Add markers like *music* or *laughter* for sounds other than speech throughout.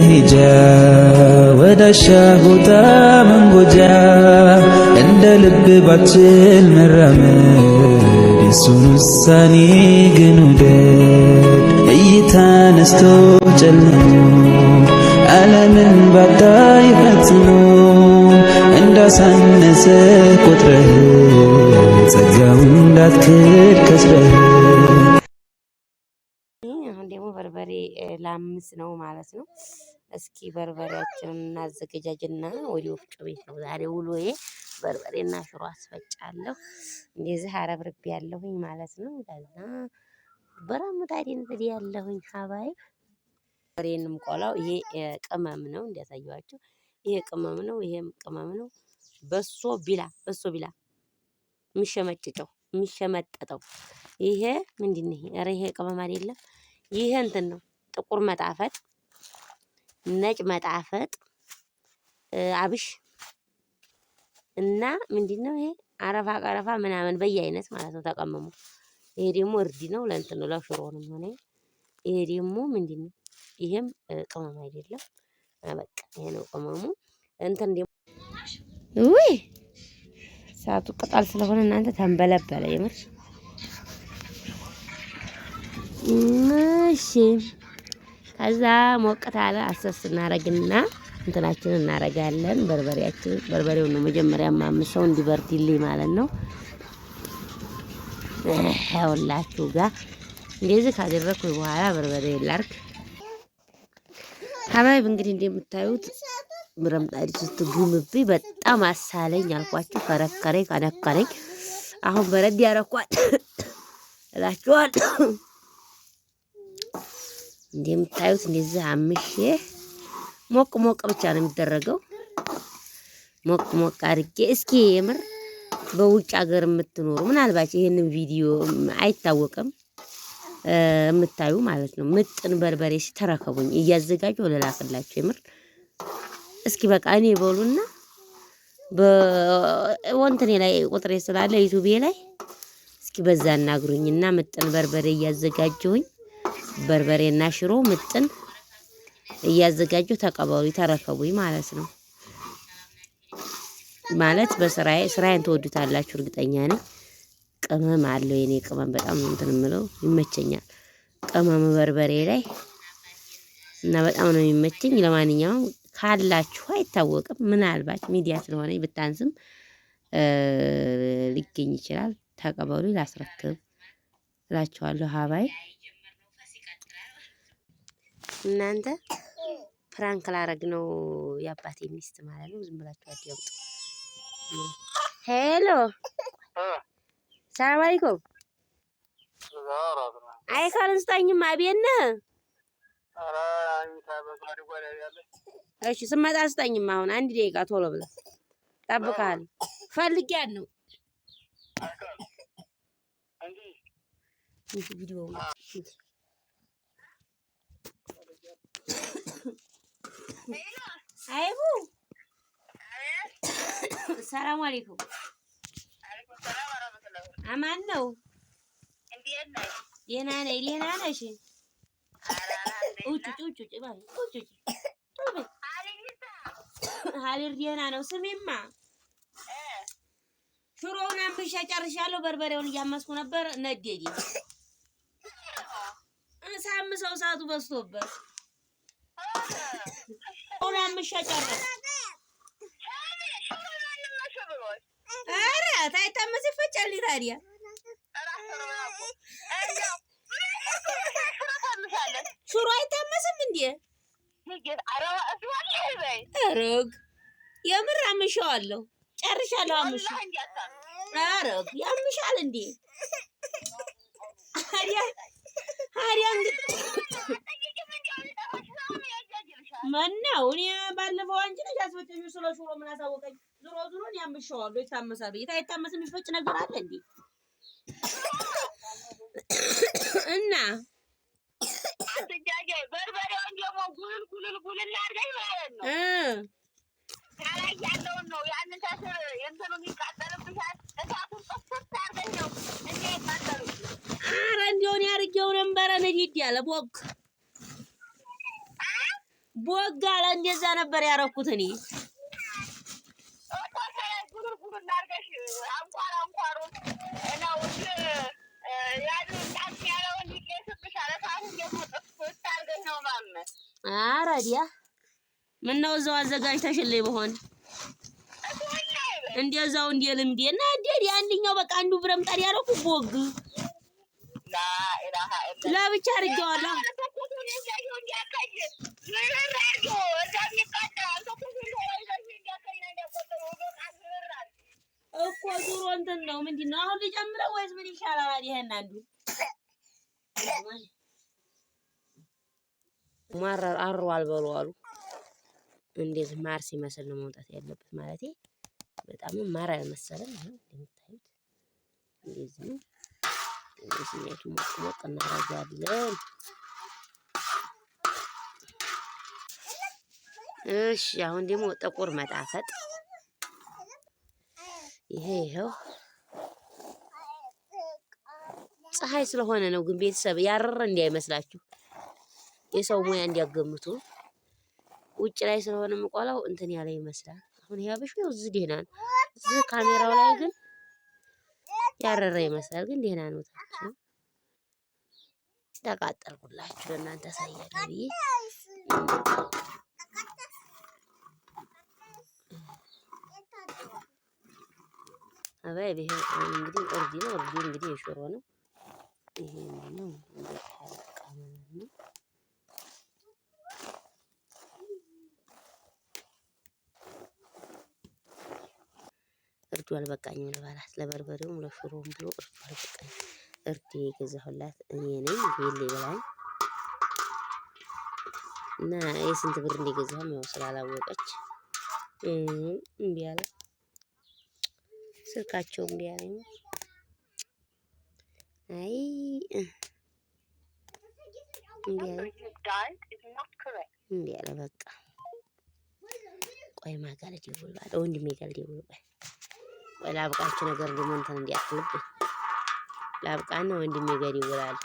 መሄጃ ወዳሻ ቦታ መንጎጃ እንደ ልብ ባችል መራመድ የሱን ውሳኔ ግን ውደድ እይታ ነስቶ ጨልሞ ዓለምን ባታ ይፈጽሞ እንዳሳነሰ ቁጥረህ ጸጋውን እንዳትክድ ከስረህ ደግሞ በርበሬ ለአምስት ነው ማለት ነው። እስኪ በርበሬያችንን እናዘገጃጅና ወደ ወፍጮ ቤት ነው ዛሬ ውሎዬ። በርበሬና ሽሮ አስፈጫለሁ። እንደዚህ አረብርቤ ያለሁኝ ማለት ነው። ከዛ በራምታዴን ጥድ ያለሁኝ ሀባይ በሬን ምቆላው ይሄ ቅመም ነው እንዲያሳየዋቸው። ይሄ ቅመም ነው፣ ይሄም ቅመም ነው። በሶ ቢላ በሶ ቢላ የሚሸመጭጨው የሚሸመጠጠው ይሄ ምንድን ይሄ? ኧረ ይሄ ቅመም አይደለም። ይሄ እንትን ነው ጥቁር መጣፈጥ ነጭ መጣፈጥ አብሽ እና ምንድን ነው ይሄ አረፋ ቀረፋ ምናምን በየአይነት ማለት ነው ተቀመሙ። ይሄ ደግሞ እርድ ነው ለእንትን ነው ለሽሮንም ሆነ ይሄ ደግሞ ምንድን ነው ይሄም ቅመም አይደለም። በቃ ይሄ ነው ቅመሙ። እንትን ደግሞ ውይ ሰዓቱ ቅጣል ስለሆነ እናንተ ተንበለበለ የምር እሺ ከዛ አለ አሰስ እናረግና እንትናችን እናረጋለን። በርበሬያችን በርበሬውን ነው መጀመሪያ ማምሰው እንዲበርድልኝ ማለት ነው። ያውላችሁ ጋር እንደዚህ ካደረግኩ በኋላ በርበሬ ላርክ ሀባይብ እንግዲህ እንደምታዩት ምረምጣድ ጉምብ በጣም አሳለኝ አልኳችሁ። ከረከረኝ ከነከረኝ አሁን በረድ ያረኳል እላችኋል። እንደምታዩት እንደዚህ አምሼ ሞቅ ሞቅ ብቻ ነው የሚደረገው። ሞቅ ሞቅ አድርጌ እስኪ የምር በውጭ ሀገር የምትኖሩ ምናልባት ይህንን ቪዲዮ አይታወቅም የምታዩ ማለት ነው። ምጥን በርበሬ ሲተረከቡኝ እያዘጋጀሁ ልላክላችሁ የምር እስኪ በቃ እኔ በሉና በወንትኔ ላይ ቁጥሬ ስላለ ዩቱቤ ላይ እስኪ በዛ እናግሩኝና ምጥን በርበሬ እያዘጋጀሁኝ በርበሬና ሽሮ ምጥን እያዘጋጁ ተቀበሉ ተረከቡኝ ማለት ነው። ማለት በስራዬ ስራዬን ትወዱታላችሁ እርግጠኛ ነኝ። ቅመም አለው የኔ ቅመም በጣም እንትን የምለው ይመቸኛል። ቅመም በርበሬ ላይ እና በጣም ነው የሚመቸኝ። ለማንኛውም ካላችሁ አይታወቅም፣ ምናልባት ሚዲያ ስለሆነ ብታንስም ሊገኝ ይችላል። ተቀበሉ ላስረክብ እላችኋለሁ ሀባይ እናንተ ፕራንክ ላረግ ነው የአባቴ ሚስት ማለት ነው። ዝም ብላችሁ አትያምጡ። ሄሎ ሰላም አለይኩም። አይካልን ስጠኝም አቤት እሺ ስመጣ ስጠኝም። አሁን አንድ ደቂቃ ቶሎ ብለህ ጠብቃል። ፈልጊያለሁ ነው አይሁ ሰላም አለይኩም። አማን ነው። ደህና ነኝ። ደህና ነሽ? ሀሊር ደህና ነው። ስሚማ ሽሮውን አንብሼ ጨርሻለሁ። በርበሬውን እያመስኩ ነበር። ነደዴ ሳምሰው ሰዓቱ በዝቶበት አሁን አምሻጫለሁ። ኧረ ታይታማ ሲፈጫል ታዲያ ሽሮ አይታመስም እንዴ? አረግ የምር አምሻዋለሁ። ጨርሻለሁ። አምሽ አረግ ያምሻል እንዴ? አሪያ አሪያ እንግዲህ ምነው እኔ ባለፈው አንቺ ነሽ ያስፈጨሽው ስለ ሽሮ ምን አሳወቀኝ? ዞሮ ዞሮ እኔ አምሸዋለሁ። ይታመሳል ብዬሽ የሚፈጭ ነገር አለ እንዴ? እና አትጃጄ በርበሬውን ደግሞ ጉልል ጉልል ጉልል አድርገሽ ማለት ነው ያለውን ነው ያንን ታስር የእንትኑ የሚቃጠልብሻል። እሳቱን ጥፍት አድርገሽ ነው እንደ ይቃጠሉ። ኧረ እንደው እኔ ነበረ ነዲድ ያለ ቦግ ቦጋ ላይ እንደዛ ነበር ያረኩት እኔ። አራዲያ ምነው እዛው አዘጋጅተሽልኝ በሆን እንደዛው እንደ ልምዴ እና እንዴት ያንኛው በቃ አንዱ ብረምጣድ ያረኩት ቦግ ለብቻ አድርጌዋለሁ። እኮ ዙሮ እንትን ነው ምንድን ነው አሁን ልጨምረው ወይስ ምን ይሻላል? ይሄን አንዱ ማር አሯል በሉ አሉ። እንዴት ማር ሲመስል ነው መውጣት ያለበት ማለት በጣም ማር አልመሰለም። ይሄ እንደምታዩት እንደዚህ ነው። ስሜቱ ሞቅ ሞቅ እናደርጋለን። እሺ አሁን ደግሞ ጥቁር መጣፈጥ ይሄ ይኸው ፀሐይ ስለሆነ ነው። ግን ቤተሰብ ያረረ እንዳይመስላችሁ የሰው ሙያ እንዲያገምቱ ውጭ ላይ ስለሆነ ምቆላው እንትን ያለ ይመስላል። አሁን ያብሽ ነው እዚህ ደህና ነው። እዚህ ካሜራው ላይ ግን ያረረ ይመስላል። ግን ደህና ነው። ታችሁ ተቃጠልኩላችሁ እናንተ ሳያለብዬ አባይ ይሄ እንግዲህ እርዲ ነው። እርዲ እንግዲህ የሽሮ ነው። ይሄ ነው እርዱ አልበቃኝም ልበላት። ለበርበሬውም ለሽሮውም ብሎ እርዱ አልበቃኝ። እርዱ የገዛሁላት እኔ ነኝ ቤሌ ብላኝ እና የስንት ብር እንደገዛሁም ያው ስላላወቀች እምቢ አለ። ስልካቸውን ቢያገኙ። አይ እንዲህ አለ። በቃ ቆይ ማጋለ ደውል ባለ ወንድሜ ጋር ደውል። ቆይ ቆይ ላብቃችሁ ነገር ደግሞ እንትን እንዲያክልብኝ ላብቃና ወንድሜ ጋር ይውላል።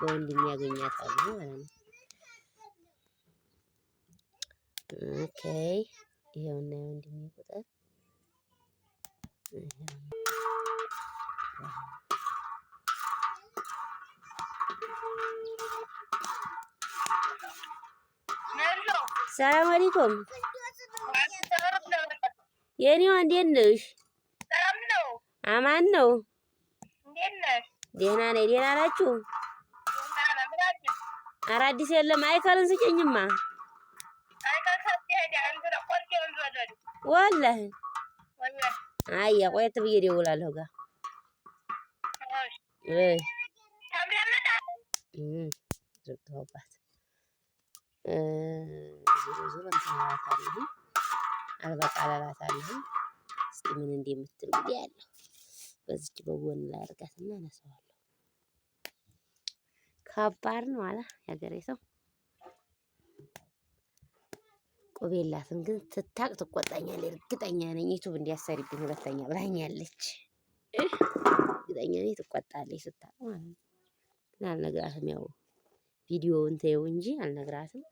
በወንድሜ ያገኛታሉ ማለት ነው። ኦኬ ይሄው እና ወንድሜ ቁጥር ሰላም አለይኩም የኔዋ እንዴት ነሽ? አማን ነው። ደህና ነኝ። ደህና ናችሁ? ኧረ የለም። አይከልን ስጭኝማ ወላሂ አያ ቆየት ብዬ እደውላለሁ ጋር ዘጋሁባት። እስኪ ምን እንደምትል እንግዲህ ያለው በዚች በጎን ላይ አድርጋትና አነሳዋለሁ። ከባድ ነው አላ ያገሬ ሰው ቆብ የላትም ግን ትታቅ ትቆጣኛለች። እርግጠኛ ነኝ ዩቱብ እንዲያሰሪብኝ ሁለተኛ ብላኛለች። እርግጠኛ ነኝ ትቆጣለች ስታቅ ማለት ነው። ግን አልነግራትም፣ ያው ቪዲዮውን ተየው እንጂ አልነግራትም።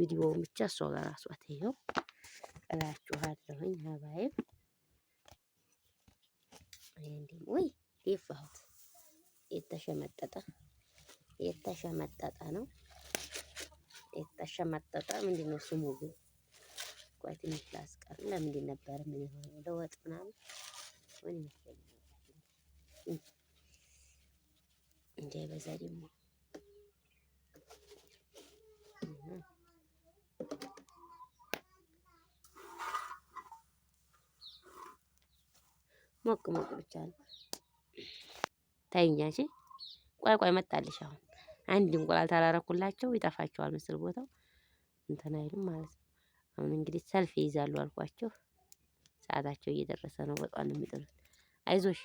ቪዲዮውን ብቻ እሷ ጋር እሷ ተየው እላችኋለሁኝ። ሀባይም እንዲም ወይ ይፋሁት የተሸመጠጠ የተሸመጠጠ ነው። የተሸመጠጠ ምንድን ነው ስሙ ግን? ቆይ ትንሽ ላስቀር። ለምንድን ነበር ምን የሆነው? ለወጥ ምናምን ምን ይመስለኛል እንደ በዛ ደግሞ ሞቅ ሞቅ ብቻ ነው። ተይኝ እንጂ ቆይ ቆይ መጣልሽ አሁን አንድ እንቁላል ታላረኩላቸው ይጠፋቸዋል ምስል ቦታው እንትን አይልም ማለት ነው። አሁን እንግዲህ ሰልፍ ይይዛሉ አልኳቸው። ሰዓታቸው እየደረሰ ነው። ወጧን የሚጥሉት አይዞሽ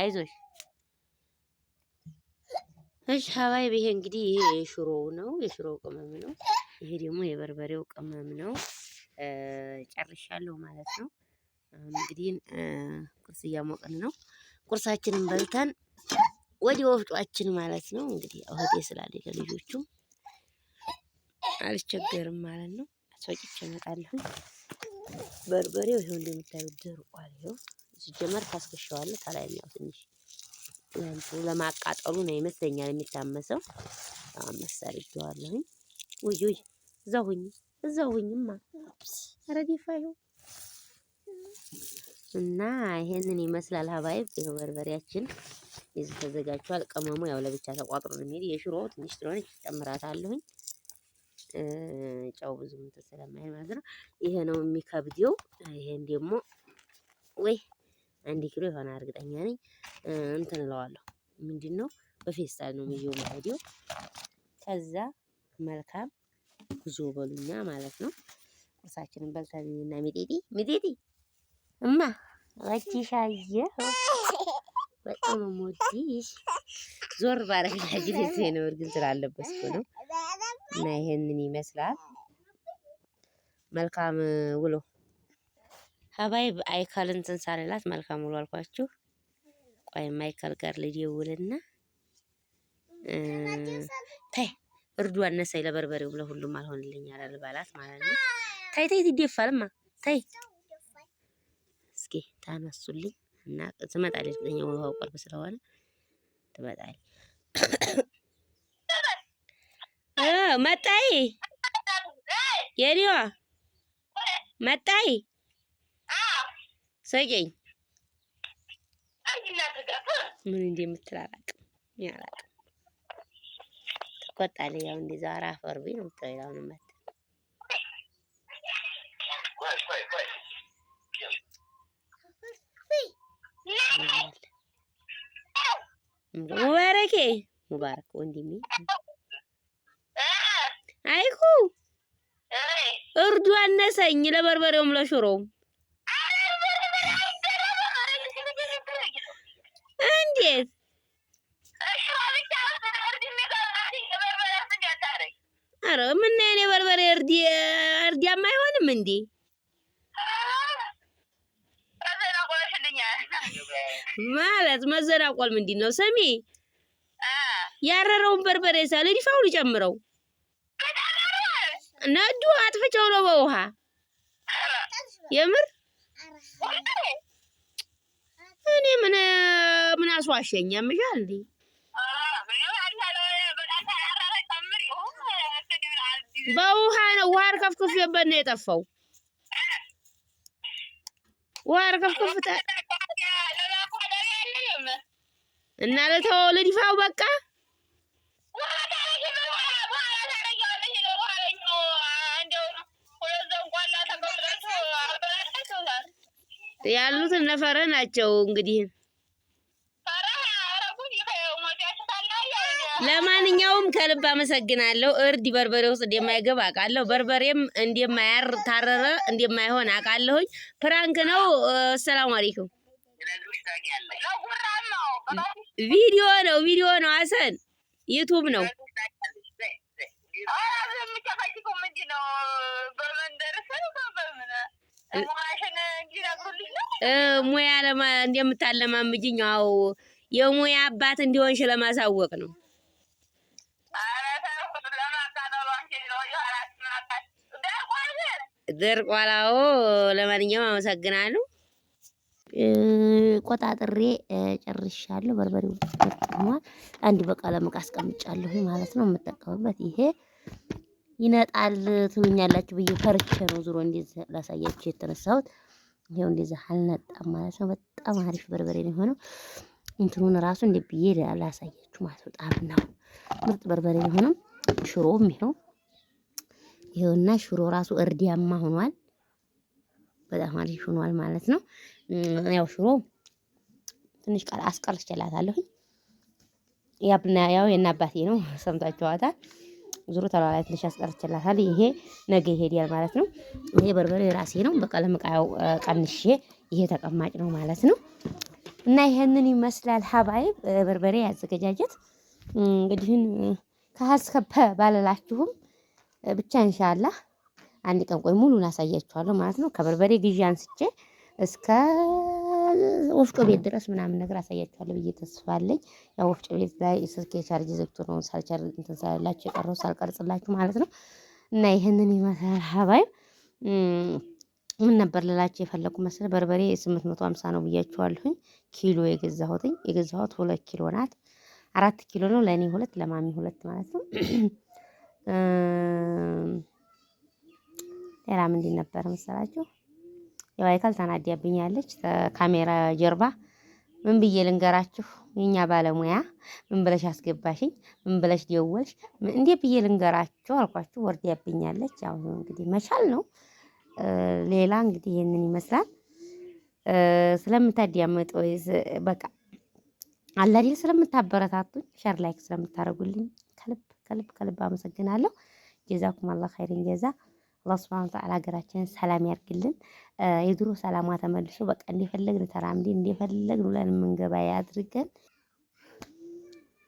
አይዞሽ። እሺ ሀባይ ይሄ እንግዲህ ይሄ የሽሮው ነው፣ የሽሮው ቅመም ነው። ይሄ ደግሞ የበርበሬው ቅመም ነው። ጨርሻለሁ ማለት ነው። እንግዲህ ቁርስ እያሞቅን ነው። ቁርሳችንን በልተን ወደ ወፍጯችን ማለት ነው እንግዲህ እህቴ ስላለ ለልጆቹም አልቸገርም ማለት ነው። አስፈጭቼ እመጣለሁ። በርበሬው ይኸው እንደምታዩት ደርቋል። ይኸው ሲጀመር ታስከሻዋለሁ። ታላይም ያው ትንሽ ለማቃጠሉ ነው ይመስለኛል የሚታመሰው። አመሳሪ ይዋለሁኝ። ውይ ውይ፣ እዛ ሁኝ፣ እዛ ሁኝማ። ኧረ ዲፋ እና ይሄንን ይመስላል ሀባይብ ይኸው በርበሬያችን እዚህ ተዘጋጅቷል። ቅመሙ ያው ለብቻ ተቋጥሮ ነው የሚሄድ። የሽሮ ትንሽ ስለሆነች ጨምራታለሁኝ። ጨው ብዙ እንትን ስለማይል ማለት ነው። ይሄ ነው የሚከብደው። ይሄን ደግሞ ወይ አንድ ኪሎ የሆነ እርግጠኛ ነኝ እንትን እለዋለሁ። ምንድን ነው በፌስታል ነው ምየው መሄዴው። ከዛ መልካም ጉዞ በሉኛ ማለት ነው። ቁርሳችንን በልተን እና ሚጤጤ ሚጤጤ እማ ባቺ በጣም ሞዲሽ ዞር ባረግላ *laughs* ጊዜ ነው። እርግል ስላለበስኩ ነው። እና ይሄንን ይመስላል። መልካም ውሎ ሀባይ አይከል እንትን ሳልላት መልካም ውሎ አልኳችሁ። ቆይ ማይካል ጋር ልደውልና ታይ እርዱ አነሳይ ለበርበሬው ብለ ሁሉም አልሆንልኝ አላል ባላት ማለት ነው። ታይ ታይ ትደፋልማ ታይ እስኪ ታነሱልኝ እና ትመጣለች። ብተኛ ውሃው ቅርብ ስለሆነ ትመጣለች። መጣይ የኔዋ መጣይ ሰጨኝ ምን እንደምትል አላውቅም። ያላውቅም ትቆጣለች። ያው እንደዛ አራፈር ቢ ነው ምትለው ሙባረኬ ሙባረክ ወንድሜ። አይኩ እርዱ አነሰኝ ለበርበሬውም ለሽሮውም እንዴት ኧረ ምን ነው የኔ በርበሬ እርድ እርድ አይሆንም እንዴ? ማለት መዘናቆል ምንድን ነው? ስሚ ያረረውን በርበሬ ሳለ ዲፋውን ጨምረው ነዱ አጥፍቼው ነው በውሃ የምር እኔ ምን ምን አስዋሸኝ ያምሻል እንዴ? በውሃ ነው ውሃ ርከፍክፍ ነው የጠፋው። ውሃ አርከፍክፍ እና ለተው ለዲፋው በቃ ያሉት እነ ናቸው። እንግዲህ ለማንኛውም ከልብ አመሰግናለሁ። እርድ በርበሬ ውስጥ እንደማይገባ አውቃለሁ። በርበሬም እንደማያር ታረረ እንደማይሆን አውቃለሁኝ። ፕራንክ ነው። ሰላም አለይኩም ቪዲዮ ነው፣ ቪዲዮ ነው። አሰን ዩቱብ ነው። ሙያ ለማ እንደምታለማምጅኝ አዎ፣ የሙያ አባት እንዲሆንሽ ለማሳወቅ ነው። ደርቋላ ለማንኛውም አመሰግናለሁ። ቆጣጥሬ ጨርሻለሁ። በርበሬው ተጠቅሟል። አንድ በቃ ዕቃ አስቀምጫለሁ ማለት ነው። የምጠቀምበት ይሄ ይነጣል ትሉኛላችሁ ብዬ ፈርቼ ነው። ዙሮ እንደዚህ ላሳያችሁ የተነሳሁት። ይሄው እንደዚህ አልነጣም ማለት ነው። በጣም አሪፍ በርበሬ ነው የሆነው። እንትኑን ራሱ እንደ ብዬ ላሳያችሁ ማለት ነው። ጣም ነው ምርጥ በርበሬ የሆነው ሽሮም ይኸው ይሄውና ሽሮ ራሱ እርዲያማ ሆኗል። በጣም አሪፍ ሆኗል ማለት ነው። ያው ሽሮ ትንሽ ቃል ያብና ያው የእናባቴ ነው *laughs* ሰምታችኋታል። ዙሩ ተላላይ ትንሽ ያስቀርችላታል። ይሄ ነገ ይሄዳል ማለት ነው። ይሄ በርበሬ የራሴ ነው በቀለም እቃው ቀንሼ፣ ይሄ ተቀማጭ ነው ማለት ነው። እና ይሄንን ይመስላል ሀባይ በርበሬ ያዘገጃጀት እንግዲህ ከሀስከፐ ባለላችሁም ብቻ እንሻላህ አንድ ቀን ቆይ ሙሉን አሳያችኋለሁ ማለት ነው። ከበርበሬ ግዢ አንስቼ እስከ ወፍጮ ቤት ድረስ ምናምን ነገር አሳያችኋለሁ ብዬ ተስፋለኝ። ያ ወፍጮ ቤት ላይ ስልክ የቻርጅ ዘግቶ ነው ሳልቻር እንትን ሳላችሁ የቀረው ሳልቀርጽላችሁ ማለት ነው። እና ይህንን ይመስላል ሀባይ ምን ነበር ልላችሁ የፈለኩ መስለ በርበሬ ስምንት መቶ ሀምሳ ነው ብያችኋለሁኝ። ኪሎ የገዛሁትኝ የገዛሁት ሁለት ኪሎ ናት። አራት ኪሎ ነው ለእኔ ሁለት ለማሚ ሁለት ማለት ነው። ሌላም እንዴት ነበር መሰላችሁ? ያው አይካል ተናዳብኛለች ካሜራ ጀርባ ምን ብዬ ልንገራችሁ? የኛ ባለሙያ ምን ብለሽ አስገባሽኝ? ምን ብለሽ ደወልሽ? እንዴ ብዬ ልንገራችሁ አልኳችሁ። ወርዳብኛለች። ያው እንግዲህ መቻል ነው። ሌላ እንግዲህ ይሄንን ይመስላል። ስለምታዲያመጥ ወይ በቃ አላዲል አይደል? ስለምታበረታቱኝ ሸር ላይክ ስለምታደርጉልኝ ከልብ ከልብ ከልብ አመሰግናለሁ። ጀዛኩም አላህ ኸይረን ጀዛ አላህ ሱብሃነሁ ወተዓላ ሀገራችንን ሰላም ያርግልን። የድሮ ሰላሟ ተመልሶ በቃ እንደፈለግን ተራምዴ እንደፈለግን ብለን የምንገባ ያድርገን።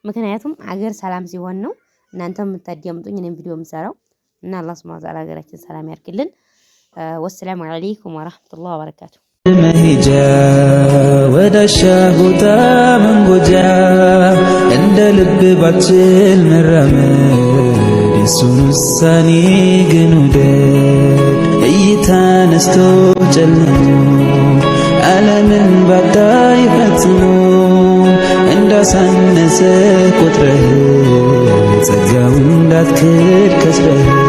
ምክንያቱም አገር ሰላም ሲሆን ነው እናንተ የምታዳምጡኝ እኔም ቪዲዮ የምሰራው እና አላህ ሱብሃነሁ ወተዓላ ሀገራችን ሰላም ያርግልን። ወሰላሙ አለይኩም ወራህመቱላሂ ወበረካቱ። መሄጃ ወዳሻ ቦታ መንጎጃ እንደ ልብ ባችል መራመድ የእሱን ውሳኔ ግን ውደድ። እይታ ነስቶ ጨልሞ ዓለምን ባታይ ፈጽሞ እንዳሳነሰ ቆጥረህ ጸጋውን እንዳትክድ ከስረህ